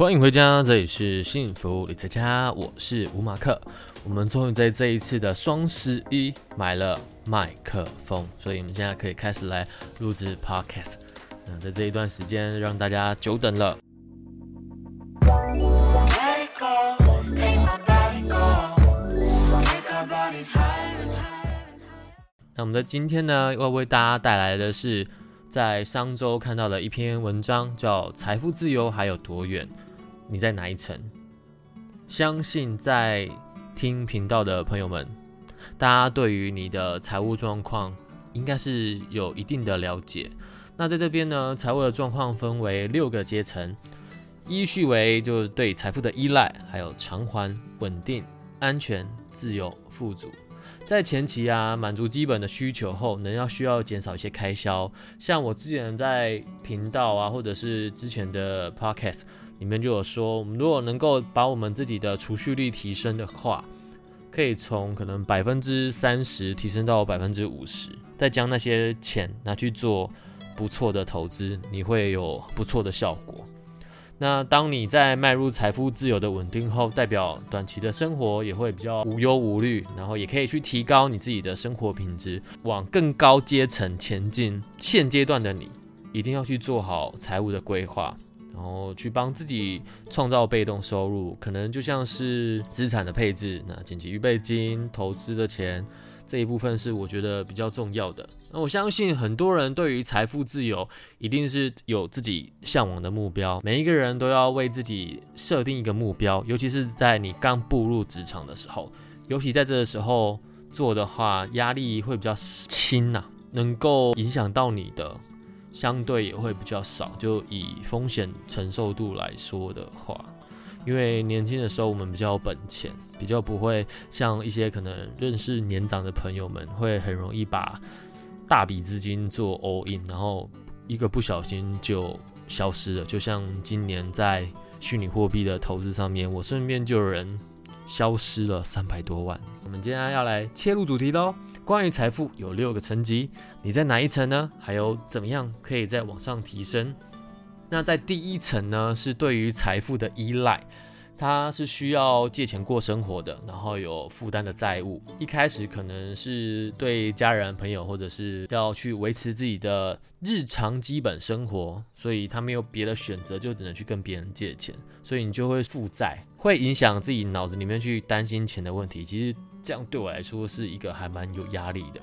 歡迎回家，這裡是幸福理財家，我是吳馬克。我們終於在這一次的雙十一買了麥克風，所以我們現在可以開始來錄製 podcast。那在這一段時間讓大家久等了。那我們在今天呢要為大家帶來的是在上週看到的一篇文章，叫《財富自由還有多遠》。你在哪一層？相信在聽頻道的朋友們，大家對於你的財務狀況應該是有一定的了解。那在這邊呢，財務的狀況分為六個階層，依序為就是對財富的依賴，還有償還、穩定、安全、自由、富足。在前期啊，滿足基本的需求後，能要需要減少一些開銷。像我之前在頻道啊，或者是之前的 Podcast。裡面就有說，我們如果能夠把我們自己的儲蓄率提升的話，可以從可能百分之三十提升到百分之五十，再將那些錢拿去做不錯的投資，你會有不錯的效果。那當你在邁入財富自由的穩定後，代表短期的生活也會比較無憂無慮，然後也可以去提高你自己的生活品質，往更高階層前進。現階段的你，一定要去做好財務的規劃。然後去幫自己創造被動收入，可能就像是資產的配置，那緊急預備金、投資的錢，這一部分是我覺得比較重要的。那我相信很多人對於財富自由一定是有自己嚮往的目標，每一個人都要為自己設定一個目標，尤其是在你剛步入職場的時候，尤其在這個時候做的話，壓力會比較輕吶、啊，能夠影響到你的。相對也會比較少，就以風險承受度來說的話，因為年輕的時候我們比較有本錢，比較不會像一些可能認識年長的朋友們，會很容易把大筆資金做 all in，然後一個不小心就消失了。就像今年在虛擬貨幣的投資上面，我身邊就有人消失了三百多萬。我們今天要來切入主題嘍。關於財富有六個層級，你在哪一層呢？還有怎麼樣可以再往上提升？那在第一層呢，是對於財富的依賴，他是需要借錢過生活的，然後有負擔的債務。一開始可能是對家人、朋友，或者是要去維持自己的日常基本生活，所以他沒有別的選擇，就只能去跟別人借錢，所以你就會負債，會影響自己腦子裡面去擔心錢的問題。其實。這樣對我來說是一個還蠻有壓力的。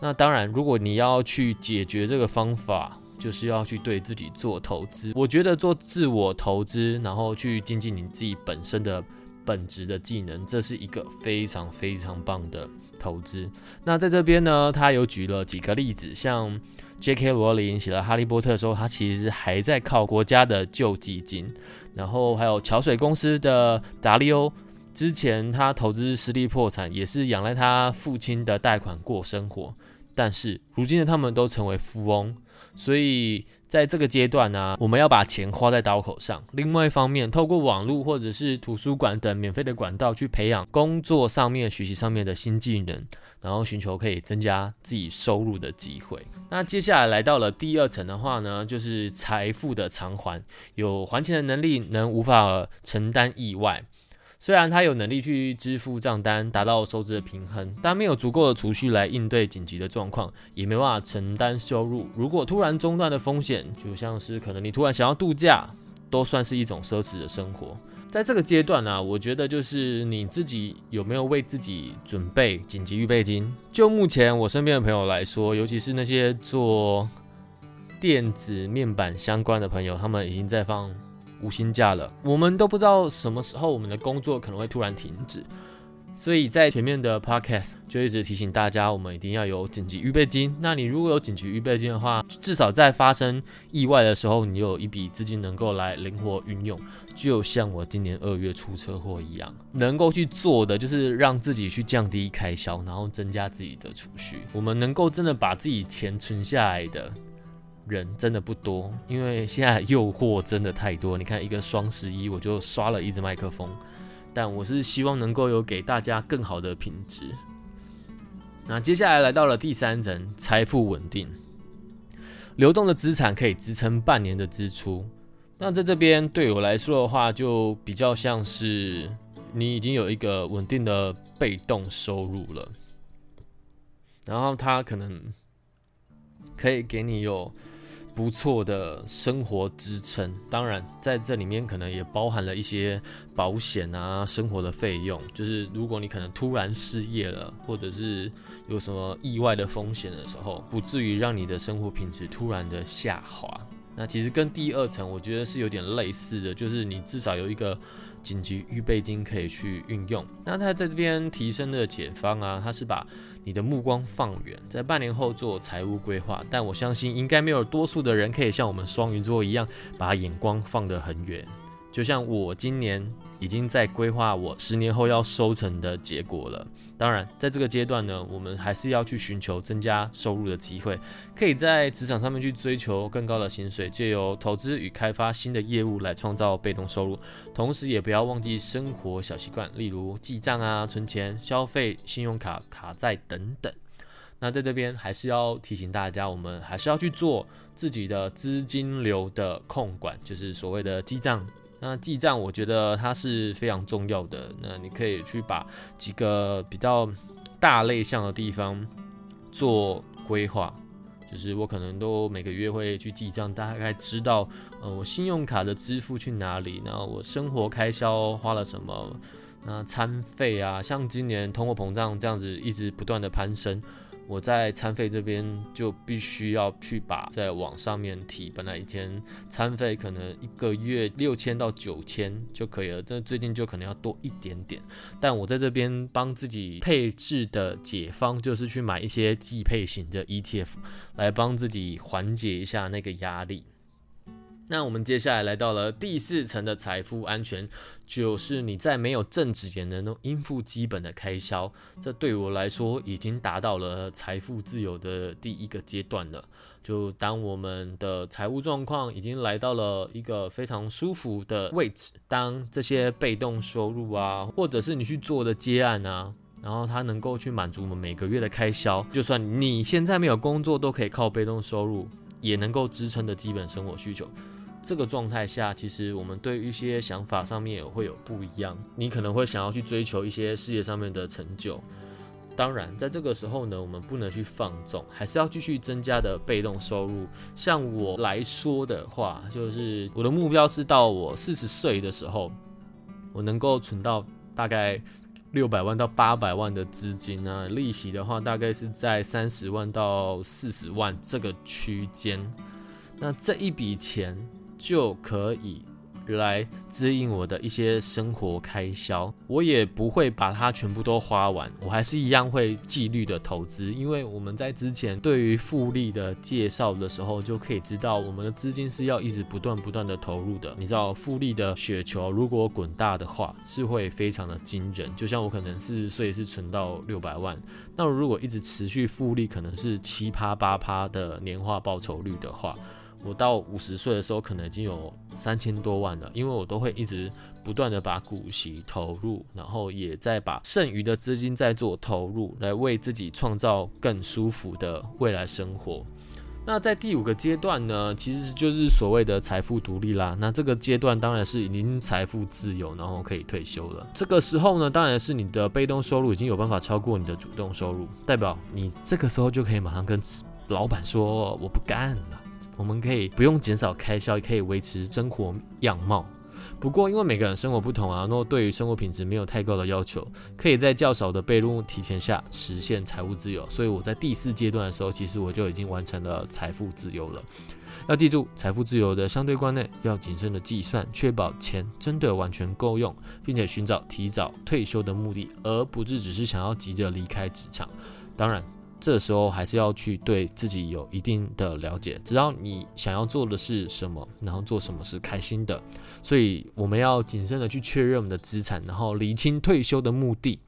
那當然，如果你要去解決這個方法，就是要去對自己做投資。我覺得做自我投資，然後去精進，進你自己本身的本職的技能，這是一個非常非常棒的投資。那在這邊呢，他有舉了幾個例子，像 J.K. 羅琳寫了《哈利波特》的時候，他其實還在靠國家的救濟金，然後還有橋水公司的達利歐。之前他投資失利破產，也是仰賴他父親的貸款過生活。但是如今的他們都成為富翁，所以在這個階段呢，啊，我們要把錢花在刀口上。另外一方面，透過網絡或者是圖書館等免費的管道去培養工作上面、學習上面的新技能，然後尋求可以增加自己收入的機會。那接下來來到了第二層的話呢，就是財富的償還，有還錢的能力，能無法承擔意外。雖然他有能力去支付賬單，達到收支的平衡，但沒有足夠的儲蓄來應對緊急的狀況，也沒辦法承擔收入如果突然中斷的風險，就像是可能你突然想要度假，都算是一種奢侈的生活。在這個階段啊，我覺得就是你自己有沒有為自己準備緊急預備金？就目前我身邊的朋友來說，尤其是那些做電子面板相關的朋友，他們已經在放。無薪假了，我們都不知道什麼時候我們的工作可能會突然停止，所以在前面的 podcast 就一直提醒大家，我們一定要有緊急預備金。那你如果有緊急預備金的話，至少在發生意外的時候，你有一筆資金能夠來靈活運用。就像我今年二月出車禍一樣，能夠去做的就是讓自己去降低開銷，然後增加自己的儲蓄。我們能夠真的把自己錢存下來的人真的不多，因為現在誘惑真的太多。你看，一個雙十一我就刷了一只麥克風，但我是希望能夠有給大家更好的品質。那接下來來到了第三層，財富穩定，流動的資產可以支撐半年的支出。那在這邊對我來說的話，就比較像是你已經有一個穩定的被動收入了，然後它可能可以給你有。不錯的生活支撐，當然在這裡面可能也包含了一些保險啊，生活的費用，就是如果你可能突然失業了，或者是有什麼意外的風險的時候，不至於讓你的生活品質突然的下滑。那其實跟第二層我覺得是有點類似的，就是你至少有一個。緊急預備金可以去運用。那他在這邊提升的解方啊，他是把你的目光放遠，在半年後做財務規劃。但我相信，應該沒有多數的人可以像我們雙魚座一樣，把眼光放得很遠。就像我今年。已經在規劃我十年後要收成的結果了。當然，在這個階段呢，我們還是要去尋求增加收入的機會，可以在職場上面去追求更高的薪水，借由投資與開發新的業務來創造被動收入。同時，也不要忘記生活小習慣，例如記賬啊、存錢、消費、信用卡、卡債等等。那在這邊還是要提醒大家，我們還是要去做自己的資金流的控管，就是所謂的記賬。那記賬，我覺得它是非常重要的。那你可以去把幾個比較大類項的地方做規劃，就是我可能都每個月會去記賬，大概知道，呃，我信用卡的支付去哪裡，然後我生活開銷花了什麼，那餐費啊，像今年通貨膨脹這樣子一直不斷的攀升。我在餐費這邊就必須要去把再往上面提。本來一天餐費可能一個月六千到九千就可以了，這最近就可能要多一點點。但我在這邊幫自己配置的解方，就是去買一些季配型的 ETF 來幫自己緩解一下那個壓力。那我們接下來來到了第四層的財富安全，就是你在沒有正職也能夠應付基本的開銷。這對我來說已經達到了財富自由的第一個階段了。就當我們的財務狀況已經來到了一個非常舒服的位置，當這些被動收入啊，或者是你去做的接案啊，然後它能夠去滿足我們每個月的開銷，就算你現在沒有工作，都可以靠被動收入也能夠支撐的基本生活需求。這個狀態下，其實我們對一些想法上面也會有不一樣。你可能會想要去追求一些事業上面的成就。當然，在這個時候呢，我們不能去放縱，還是要繼續增加的被動收入。像我來說的話，就是我的目標是到我四十歲的時候，我能夠存到大概六百萬到八百萬的資金啊，利息的話大概是在三十萬到四十萬這個區間。那這一筆錢。就可以來支應我的一些生活開銷，我也不會把它全部都花完，我還是一樣會紀律的投資，因為我們在之前對於複利的介紹的時候就可以知道，我們的資金是要一直不斷不斷的投入的。你知道複利的雪球如果滾大的話，是會非常的驚人。就像我可能四十歲是存到六百萬，那如果一直持續複利，可能是七趴八趴的年化報酬率的話。我到五十歲的時候，可能已經有三千多萬了，因為我都會一直不斷的把股息投入，然後也再把剩餘的資金再做投入，來為自己創造更舒服的未來生活。那在第五個階段呢，其實就是所謂的財富獨立啦。那這個階段當然是已經財富自由，然後可以退休了。這個時候呢，當然是你的被動收入已經有辦法超過你的主動收入，代表你這個時候就可以馬上跟老闆說我不幹了。我們可以不用減少開銷，也可以維持生活樣貌。不過，因為每個人生活不同啊，若對於生活品質沒有太高的要求，可以在較少的被錄前提下實現財務自由。所以，我在第四階段的時候，其實我就已經完成了財富自由了。要記住，財富自由的相對觀念，要謹慎的計算，確保錢真的完全夠用，並且尋找提早退休的目的，而不是只是想要急着離開職場。當然。這時候還是要去對自己有一定的了解，知道你想要做的是什麼，然後做什麼是開心的。所以我們要謹慎的去確認我們的資產，然後釐清退休的目的。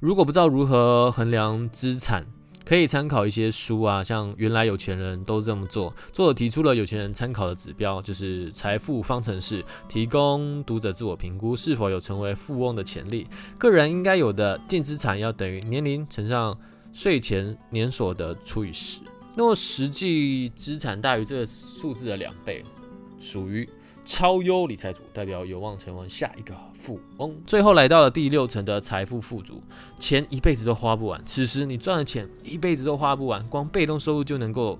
如果不知道如何衡量資產，可以參考一些書啊，像《原來有錢人都這麼做》，作者提出了有錢人參考的指標，就是財富方程式，提供讀者自我評估是否有成為富翁的潛力。個人應該有的淨資產要等於年齡乘上。稅前年所得除以十，那麼實際資產大於這個數字的兩倍，屬於超優理財組，代表有望成為下一個富翁。最後來到了第六層的財富富足，錢一輩子都花不完。此時你賺的錢一輩子都花不完，光被動收入就能夠。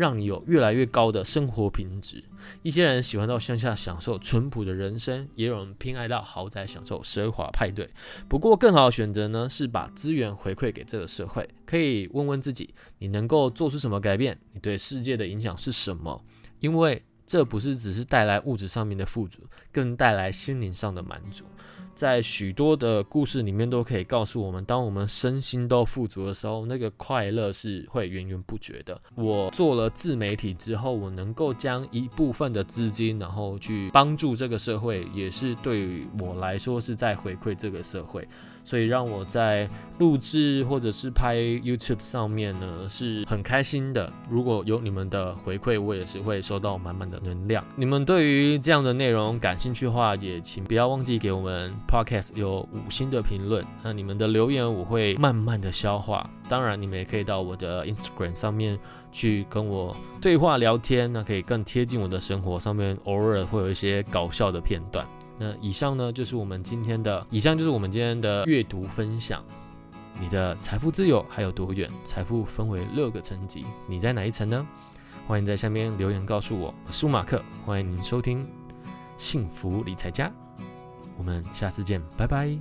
讓你有越來越高的生活品質。一些人喜歡到鄉下享受淳樸的人生，也有人偏愛到豪宅享受奢華派對。不過，更好的選擇呢，是把資源回饋給這個社會。可以問問自己，你能夠做出什麼改變？你對世界的影響是什麼？因為。這不是只是帶來物質上面的富足，更帶來心靈上的滿足。在許多的故事裡面，都可以告訴我們，當我們身心都富足的時候，那個快樂是會源源不絕的。我做了自媒體之後，我能夠將一部分的資金，然後去幫助這個社會，也是對我來說是在回饋這個社會。所以讓我在錄制或者是拍 YouTube 上面呢，是很開心的。如果有你們的回饋，我也是會收到滿滿的。能量。你們對於這樣的內容感興趣的話，也請不要忘記給我們 Podcast 有五星的評論。那你們的留言我會慢慢的消化。當然，你們也可以到我的 Instagram 上面去跟我對話聊天，那可以更貼近我的生活。上面偶爾會有一些搞笑的片段。那以上呢，就是我們今天的，以上就是我們今天的閱讀分享。你的財富自由還有多遠？財富分為六個層級，你在哪一層呢？歡迎在下面留言告訴我，我是吳馬克，歡迎您收聽《幸福理財家》，我們下次見，拜拜。